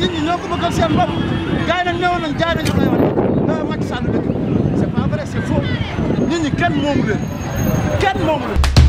nit ñi ñoo ko bëggal seen bopp gars yi nag newoon nañ jaay nañu Abdoulaye Wade da Macky Sall dëkk c'est pas vrai c'est faux nit ñi kenn moomu leen kenn moomu leen